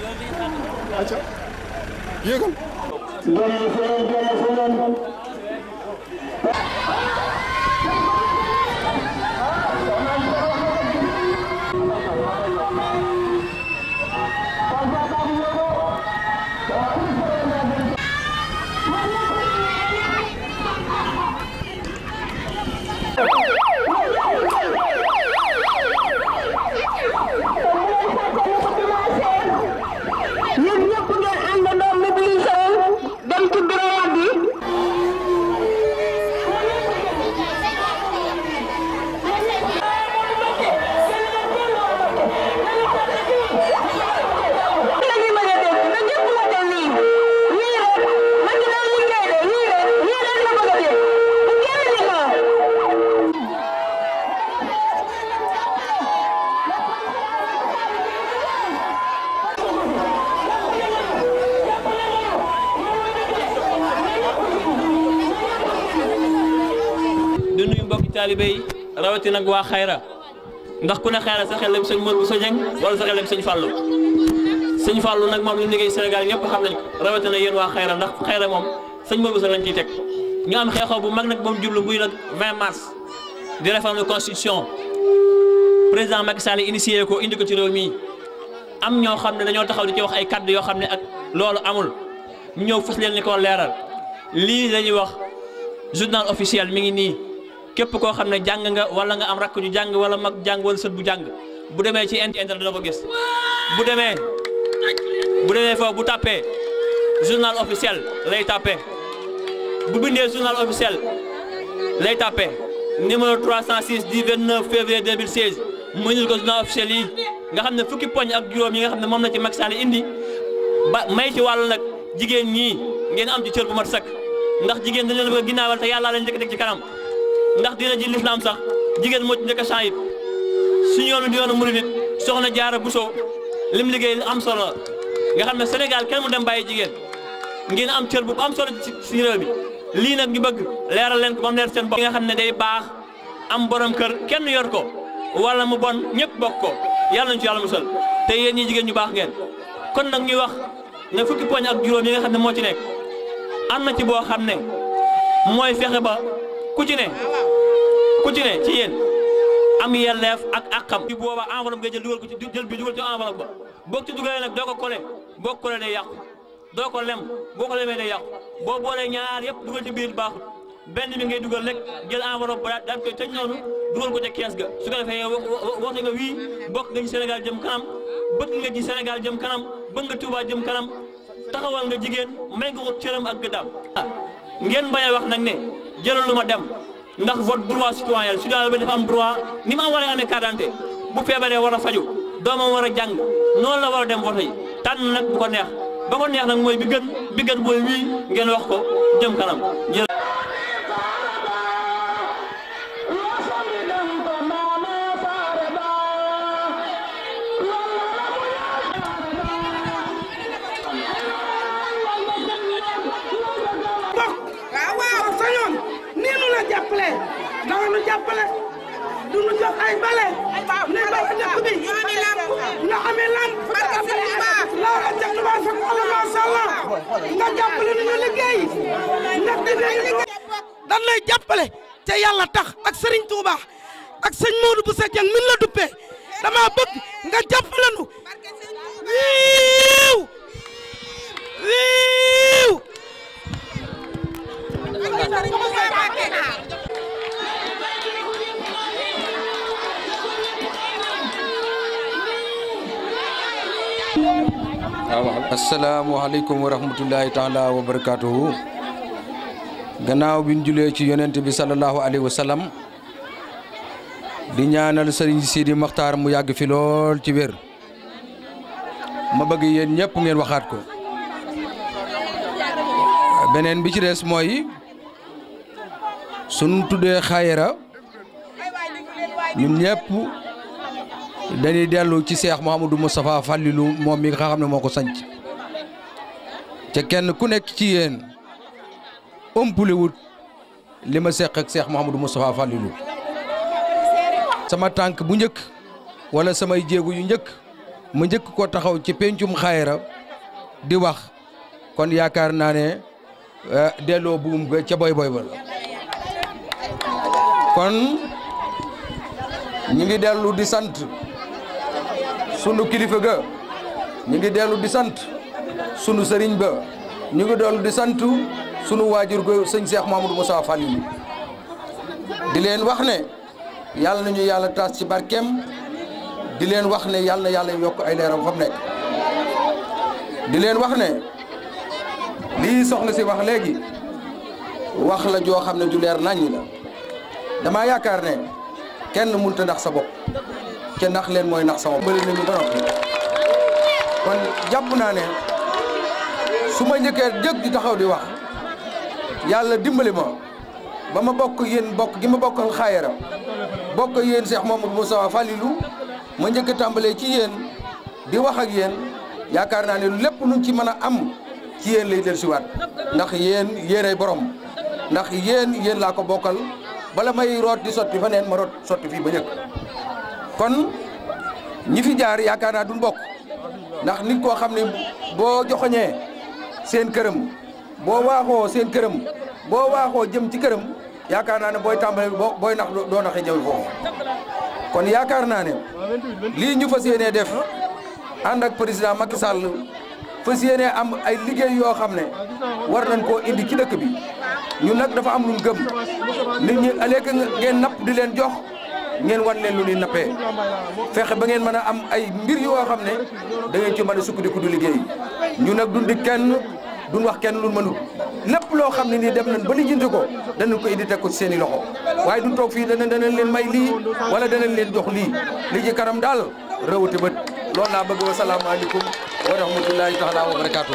अच्छा ये कौन taalibe yi rawatina ak waa xayra ndax ku ne xayra sa xel dem sëñ Mor bu sa jëng wala sa xel dem sëñ Fallou sëñ Fallou nag moom li mu liggéey Sénégal ñëpp xam nañ ko rawatina yéen waa xayra ndax xayra moom sëñ Mor bu sa lañ ciy teg ñu am xeexoo bu mag nag ba mu jublu buy nag 20 mars di réforme constitution président Macky Sall initié ko indi ko ci réew mii am ñoo xam ne dañoo taxaw di ci wax ay kaddu yoo xam ne ak loolu amul ñu ñëw fës leen ni ko leeral lii la ñuy wax journal officiel mi ngi nii. képp ko xam ne nga wala nga am rak ñu jang wala mag jang wala seut bu jang bu demee ci internet da ko gis bu demee bu demee fo bu tapé journal officiel lay tapé bu bindé journal officiel lay tapé numéro 306 du 29 février 2016 mu ñu ko journal officiel yi nga xam ne fukki poñ ak juroom yi nga xam ne moom la ci Macky Sall indi may ci walu nak jigen ñi ngeen am ci cër bu mat sak ndax jigen dañ leen bëgg ginaawal te yalla lañu njëkk teg ci kanam ndax dina ji l'islam sax jigen mo ci njëkk a su suñu di yoonu mouride soxna jaara Buso lim liggey am solo nga xamne senegal kenn mu dem baye jigen ngeen am cër bu am solo ci suñu réew mi lii nag ñu bëgg leral leen ko bam leer seen bopp nga xamne day baax am borom kër kenn yor ko wala mu bon ñepp bokk ko yalla ñu yalla musal te yeen ñi jigen ñu baax ngeen kon nak ñuy wax na fukki poñ ak juroom yi nga xamne mo ci nek amna ci bo xamne moy mooy ba ku ci ne ku ci ne ci yéen am yelleef ak àqam ci booba enveloppe nga jël dugal ko ci jël bi dugal ci enveloppe ba boo ci dugalee nag doo ko kole boo ko kole day yàqu doo ko lem boo ko lemee day yàqu boo boolee ñaar yëpp dugal ci biir baaxul benn bi ngay dugal rek jël enveloppe ba daal koy tëj noonu dugal ko ca kees ga su ko defee woote nga wii bokk nga ci Sénégal jëm kanam bëgg nga ci Sénégal jëm kanam bëgg nga Touba jëm kanam jigéen may nga ko cëram ak gëddaam ah, a wax jëlalu ma dem ndax vote droit citoyen citoyen ba dafa am droit ni ma war a amee carte d'identité bu feebaree war a faju doomam war a jàng noonu la war a dem vote yi tànn nag bu ko neex ba ko neex nag mooy bi gën bi gën mooy wii ngeen wax ko jëm kanam jàppale du ñu jox ay mbale ne ba ci dëkk bi nga amee lamp laa ca Touba fa ko Allah ma sha Allah nga jàppale ñu liggéey ndax dinañu dañ lay jàppale ca yàlla tax ak Serigne Touba ak sëñ Modou bu sekkeen min la duppee dama bëgg nga jàppale nu wiiw wiiw asalaamaaleykum wa rahmatullahi taala wa barakaatuhu gannaaw bi ñu julee ci yonent bi sallallahu alayhi wa sallam di ñaanal sëriñ Sidi Maxtaar mu yàgg fi lool ci wér ma bëgg yéen ñëpp ngeen waxaat ko beneen bi ci des mooy suñ tuddee xayra ñun ñëpp. dañuy dellu ci seex mu Mouhamadou Moustapha Fallilou moom mi nga xam ne moo ko sanc ca kenn ku nekk ci yéen ëmpulewut li ma seq ak seex mu Mouhamadou Moustapha Fallilou sama tànk bu njëkk wala samay jéegu yu njëkk ma njëkk ko taxaw ci pencum xaayara di wax kon yaakaar naa ne eh, delloo buum ga ca boy boy ba kon ñu ngi dellu di sant sunu kilifa ga ñu ngi dellu di sant sunu sëriñ ba ñu ngi dellu di sant sunu waajur go sëñ Cheikh Mamadou Moussa Fall di leen wax ne yàlla nañu yàlla taas ci barkeem di leen wax ne yàlla yàlla yokk ay leeram fa mu di leen wax ne lii soxna si wax léegi wax la joo xam ne du leer naññ la dama yaakaar ne kenn mënut ndax sa bopp. ci nax len moy nax sama bari nañu ba noppi kon japp na ne suma ñëkke jëg di taxaw di wax yalla dimbali ma ba ma bokk bok bokk gi ma bokkal xaayara bokk Cheikh Mamadou Moussa Falilou ma njëkk tambalé ci yeen di wax ak yeen yaakar na ne lepp luñ ci mëna am ci yeen lay wat ndax yeen yéré borom ndax yeen yeen la ko bokkal bala may rot di soti fenen ma rot soti fi ba kon ñi fi jaar yaakaar duñ bok ndax nit ko xamni bo boo seen kërëm bo waxo seen kërëm bo waxo jëm ci kërëm yaakaar naa ne booy tàmbali nak nax doo kon yaakaar naa ne li ñu fas def and ak président Macky Sall fas am ay liggéey yo xam war nañ ko indi ci dëkk bi ñun nak dafa am luñu gëm nit ñi aleeg ngeen nap di leen jox. ngeen wan leen lu ñuy nappee fexe ba ngeen mën a am ay mbir yoo xam ne da ngeen ci mën a sukkandiku du liggéey ñu nag dundi kenn duñ wax kenn lu mënul lépp loo xam ne nii dem nañ ba lijjanti ko danañ ko indi teg ko ci seen i loxo waaye duñ toog fii dana danañ leen may lii wala danañ leen jox lii li ci daal rawati bët loolu laa bëgg wa salaamu aleykum wa rahmatullahi taala wa barakaatu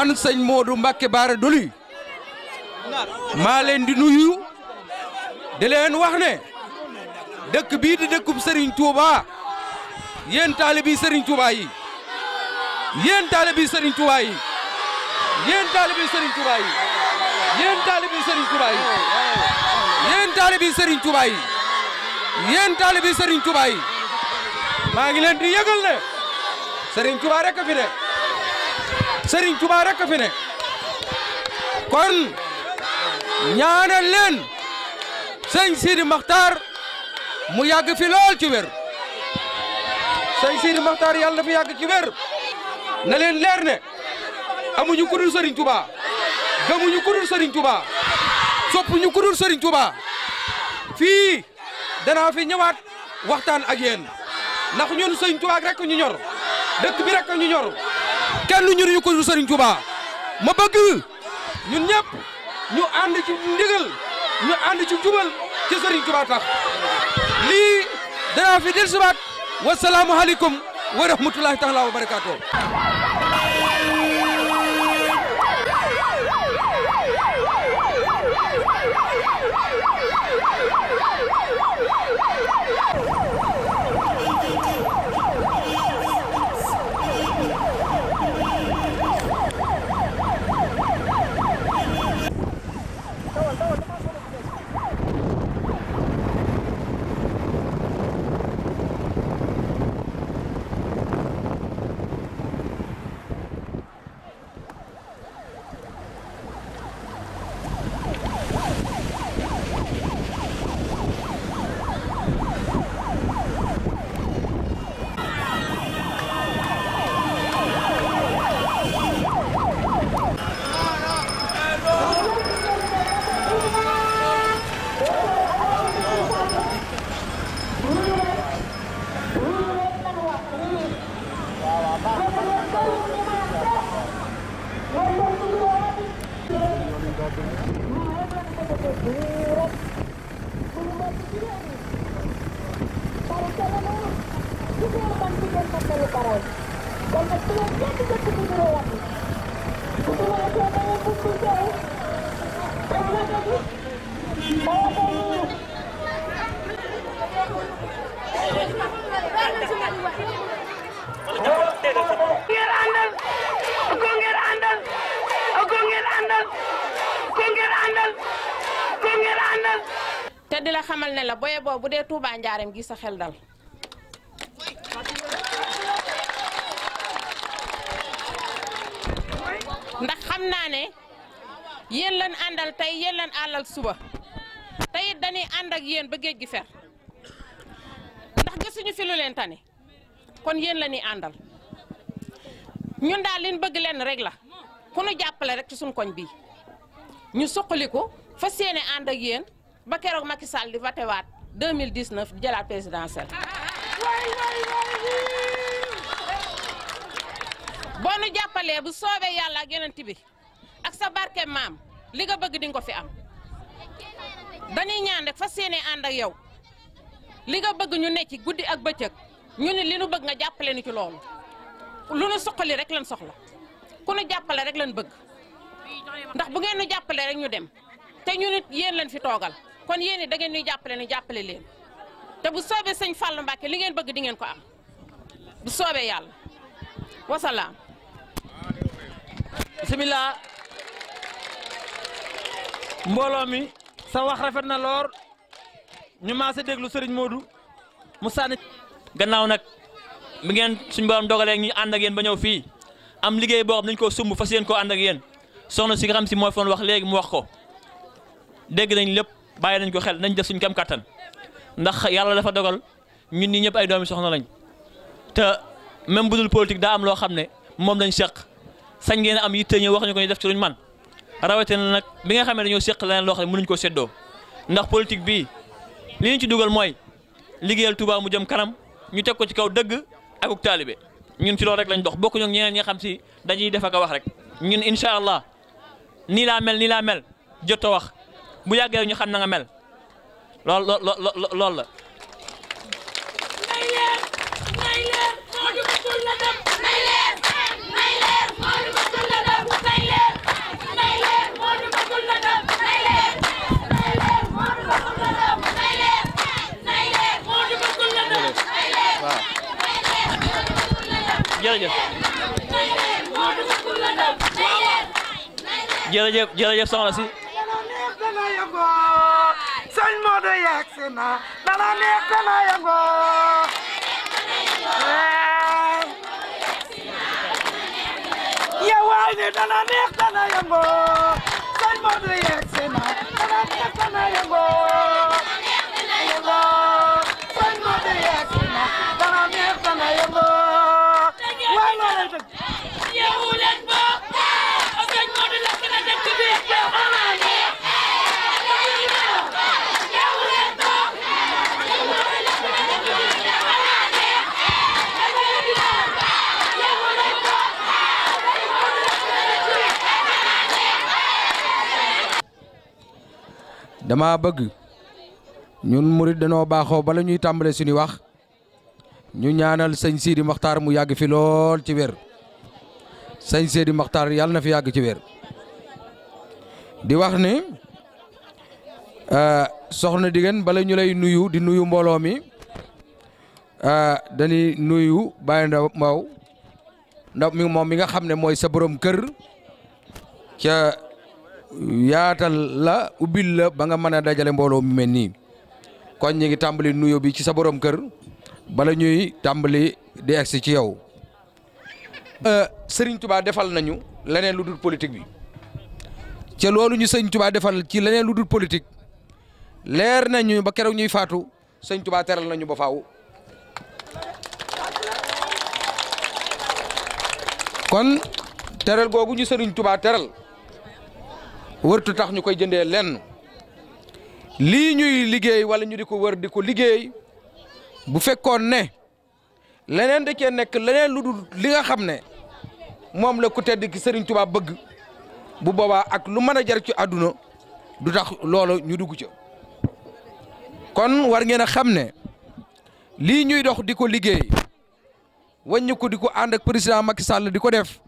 man sëñ Modou Mbacké Bara Dolly maa leen di nuyu di leen wax ne dëkk bii di dëkkub Serigne Touba yéen taalibi Serigne Touba yi yéen taalibi Serigne Touba yi yéen taalibi Serigne Touba yi yéen taalibi Serigne Touba yi yéen taalibi Serigne Touba yi yéen taalibi Serigne Touba yi maa ngi leen di yëgal ne Serigne Touba rek a fi de. Serigne Touba rek fi ne kon ñaanal leen sëñ Sidi Makhtar mu yàgg fi lool ci wér sëñ Sidi Makhtar yàlla na fi yàgg ci wér na leen leer ne amuñu ku dul Serigne Touba gëmuñu ku dul Serigne Touba soppuñu ku dul fii danaa fi ñëwaat waxtaan ak yéen ndax ñun Serigne Touba rekk ñu ñor dëkk bi rek ñu ñor. kenn ñun ñu ko du Serigne Touba ma bëgg ñun ñëpp ñu ànd ci ndigal ñu ànd ci jubal ci Serigne Touba tax lii danaa fi dellusiwaat wasalaamualeykum wa rahmatulahi taala wa barakaatu. на король. Он почему опять как-то поберет. Думаю, что это не пустую. Ngir andal, aku ngir andal, andal, aku andal, aku ngir andal. Te di la xamal ne la boye boo xam naa ne yéen lan àndal tey yéen leen àllal suba tey it dañuy ànd ak yéen ba géej gi fer ndax gisuñu fi lu leen tane kon yéen la àndal ñun daal liñ bëgg lenn rek la ku nu jàppale rek ci suñ koñ bii ñu suqaliku fas yéene ànd ak yéen ba keroog Macky Sall di vatewaat 2019 di jëlaat présidentielle boo nu jàppalee bu soobee yàlla ak yonent bi ak sa barke mam li nga bëgg di nga fi am dañuy ñaan rek fas yéene ànd ak yow li nga bëgg ñu necc ci guddi ak bëccëg ñu ni li ñu bëgg nga jappalé ni ci lool lu ñu soxali rek lañ soxla ku ñu jappalé rek lañ bëgg ndax bu ngeen ñu jappalé rek ñu dem té ñu nit yeen lañ fi togal kon yeen ni da ngeen ñu jappalé ni jappalé leen té bu soobé señ Fallou mbacké li ngeen bëgg di ngeen ko am bu soobé yalla wa salaam bismillah mbolo mi sa wax rafet na lor ñu sa deglu Serigne Modou mu gannaaw nak mi ngeen suñu borom dogale ngi and ak yeen ba ñew fi am liggey bo xam nañ ko sumb fas yéen ko and ak yeen soxna si gram si moy fon wax legi mu wax ko deg nañ lepp baye nañ ko xel nañ def suñu kam katan ndax yalla dafa dogal ñun ñi ñep ay doomi soxna lañ te même budul politique da am lo xamne ne lañ seq sañ ngeen am yitte ñu wax ñu ko ñu def ci luñ man rawatina nag bi nga xam ne dañoo seq leneen loo xam ne mënuñ ko séddoo ndax politique bii li ñu ci dugal mooy liggéeyal Touba mu jëm kanam ñu teg ko ci kaw dëgg akuk taalibe ñun ci loolu rek lañ dox bokk ñoom ñeneen nga xam si dañuy def ak wax rek ñun incha allah nii laa mel nii laa mel jot a wax bu yàggee ñu xam na nga mel lool lool lool la. jërëjëf jërëjëf soxna dana ni dana neex dana yëngoo. sëñ Modou yegg si na dana neex dana yëngoo. Eh. dama bëgg ñun murid dañu baxo ba lañuy tambalé suñu wax ñu ñaanal señ Sidi makhtar mu yagg fi lool ci wër señ Sidi makhtar yalla na fi yagg ci wër di wax ni euh, soxna Digeen bala ñu lay nuyu di nuyu mbooloo mi euh, dañuy nuyu Baye Ndaw Mbaw ndaw mi moom mi nga xam ne mooy sa borom kër ca yaatal la ubbil la ba nga mën a dajale mbooloo mi mel nii kon ñu ngi tàmbali nuyu bi ci sa borom kër bala ñuy tàmbali di egsi ci yow euh, Serigne Touba defal nañu leneen lu dul politique bi. ca loolu ñu sëñ tubaa defal ci leneen lu dul politique leer nañu ba keroog ñuy faatu sëñ tubaa teral nañu ba faaw kon teral googu ñu sëriñ tubaa teral wërtu tax ñu koy jëndee lenn lii ñuy liggéey wala ñu di ko wër di ko liggéey bu fekkoon ne leneen da cee nekk leneen lu dul li nga xam ne moom la ku tedd ki sëriñ tubaa bëgg bu boobaa ak lu mën a jar ci àdduna du tax loolo ñu dugg ca kon war ngeen a xam ne li ñuy dox di ko liggéey wàññi ko di ko ànd ak président Macky Sall di ko def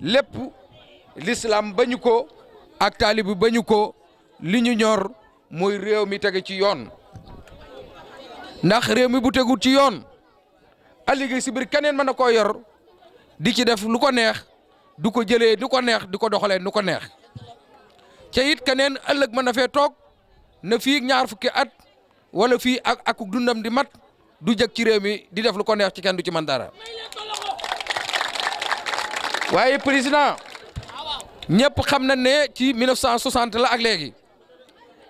lépp l'islam bañu ko ak taalibi bañu ko li ñu ñor mooy réew mi tege ci yoon ndax réew mi bu tegul ci yoon a liggéey si biir keneen mën na koo yor di ci def lu ko neex du ko jëlee du ko neex di ko doxalee nu ko neex ca it keneen ëllëg mën na fee toog na fii ñaar fukki at wala fii ak ak dundam di mat du jëg ci réew mi di def lu ko neex ci kenn du ci man dara waaye président ñëpp xam na ne ci 1960 la ak léegi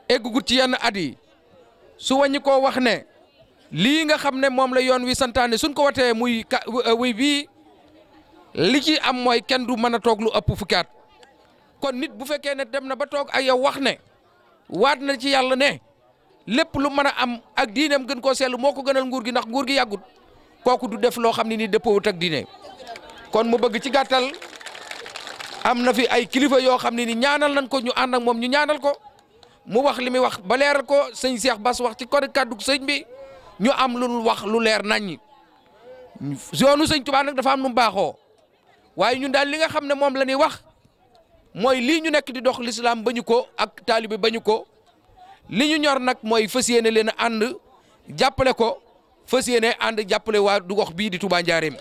eggugut ci yenn at yi su wàññi koo wax ne lii nga xam ne moom la yoon wi santaane suñ ko watee muy ka bii li ci am mooy kenn du mën a toog lu ëpp fukki kon nit bu fekkee ne dem na ba toog ak yow wax ne waat na ci yàlla ne lépp lu mën a am ak diineem gën koo seetlu moo ko gënal nguur gi ndax nguur gi yàggut kooku du def loo xam ne nii dëppoowut ak diine kon mu bëgg ci gàttal am na fi ay kilifa yoo xam ne ni ñaanal nañ ko ñu ànd ak moom ñu ñaanal ko mu wax li muy wax ba leeral ko sëñ seex Bass wax ci kori kàddu sëñ bi ñu am lu wax lu leer nañ yi sëñ Tuubaa nag dafa am nu baaxoo waaye ñun daal li nga xam ne moom la ñuy wax mooy lii ñu nekk di dox lislaam bañu ko ak taalibe bañu ko li ñu ñor nag mooy fas yéene leen a ànd jàppale ko fas yéene ànd jàppale waa du gox bii di Touba Njaareem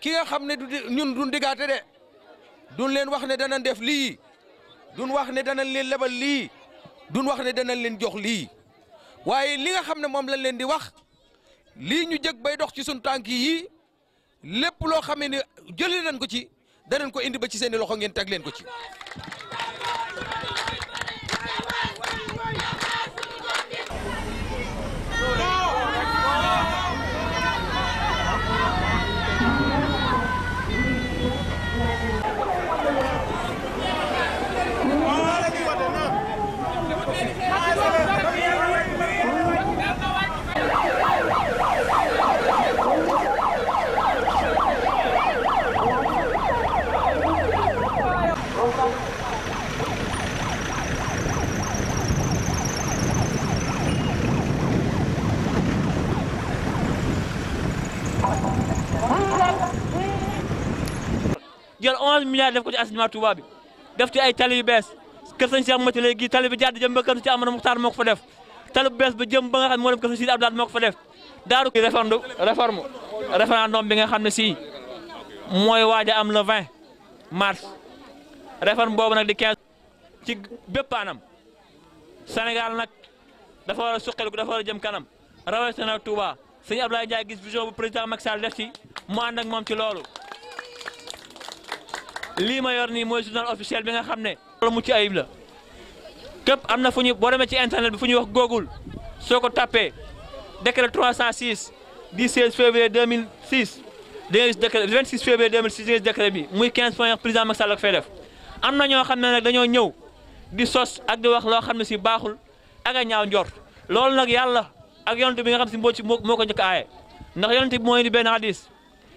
ki nga xam ne du ñun duñ diggaate de duñ leen wax ne dana def lii duñ wax ne danañ leen lebal lii duñ wax ne danañ leen jox lii waaye li nga xam ne moom lañ leen di wax lii ñu jëg bay dox ci suñu tànk yi lépp loo xam ne jëlee nañ ko ci danañ ko indi ba ci seen i loxo ngeen teg leen ko ci. jël 11 milliards def ko ci assainissement Touba bi def ci ay tali yu bees kër sañ Cheikh Mati léegi tali bi jaar di jëm ba kër am Amadou Mokhtar moo ko fa def tali bu bees ba jëm ba nga xam ne moo dem kër si Sidi moo ko fa def daaru réforme réforme référendum bi nga xam ne si mooy waaja am le 20 mars réforme boobu nag di 15 ci bépp anam nag dafa war a suqaliku dafa war a jëm kanam rawatina Touba sëñ Ablaye Ndiaye gis vision bu président Macky Sall def ci mu ànd moom ci loolu lii ma yor nii mooy journal officiel bi nga xam ne loolu mu ci ayib la képp am na fu ñu boo demee ci internet bi fu ñuy wax googul soo ko tapé décret 306 du 16 février 2006 da ngay gis décret 26 février 2006 da ngay gis bi muy 15 point président Macky Sall ak fay def am na ñoo xam ne nag dañoo ñëw di sos ak di wax loo xam ne si baaxul ak a ñaaw njort loolu nag yàlla. ak yonent bi nga xam si moo ci moo ko njëkk aaye ndax yonent bi mooy indi benn hadis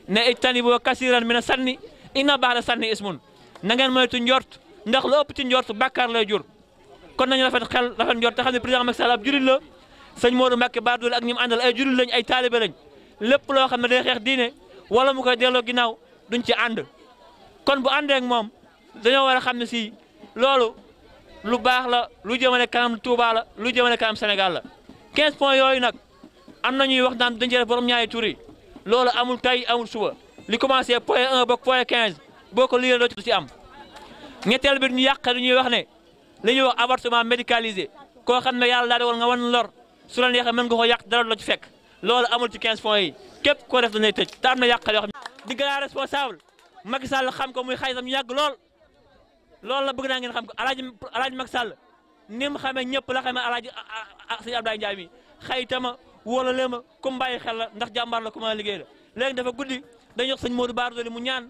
ne ijtaniboo kasiran mina sanni inna ba'da sanni ismun na ngeen moytu njort ndax lu ëpp ci njort bàkkaar lay jur kon nañu rafet xel rafet njort te xam ne président Macky Sall ab julit la sëñ Modou Mbacké Badoul ak ñi mu àndal ay julit lañ ay taalibe lañ lépp loo xam ne day xeex diine wala mu koy delloo ginnaaw duñ ci ànd kon bu àndee ak moom dañoo war a xam ne si loolu lu baax la lu jëmale kanam Touba la lu jëmale kanam Sénégal la quinze points yooyu nag am na ñuy wax naan dañ cee def borom ñaari loolu amul tey amul suba li commencé point 1 ba point 15 boo ko liggéeyal doo ci am ñetteel bi ñu yàq li ñuy wax ne li ñuy wax avortement médicalisé koo xam ne yàlla daa dogal nga wan lor su la neexee mën nga ko yàq dara la ci fekk loolu amul ci 15 points yi képp koo def dañ lay tëj te am na yàqal yoo xam di gën a responsable Macky Sall xam ko muy xaysam ñu yàgg lool loolu la bëgg naa ngeen xam ko alaaji alaaji Macky Sall ni mu xamee ñëpp la xamee alaaji a Abdoulaye Ndiaye mi xaytama wóolale ma ku mu bàyyi xel la ndax jàmbaar la ku ma liggéey la léegi dafa guddi dañuy wax sëñ Modou Bara Dolly mu ñaan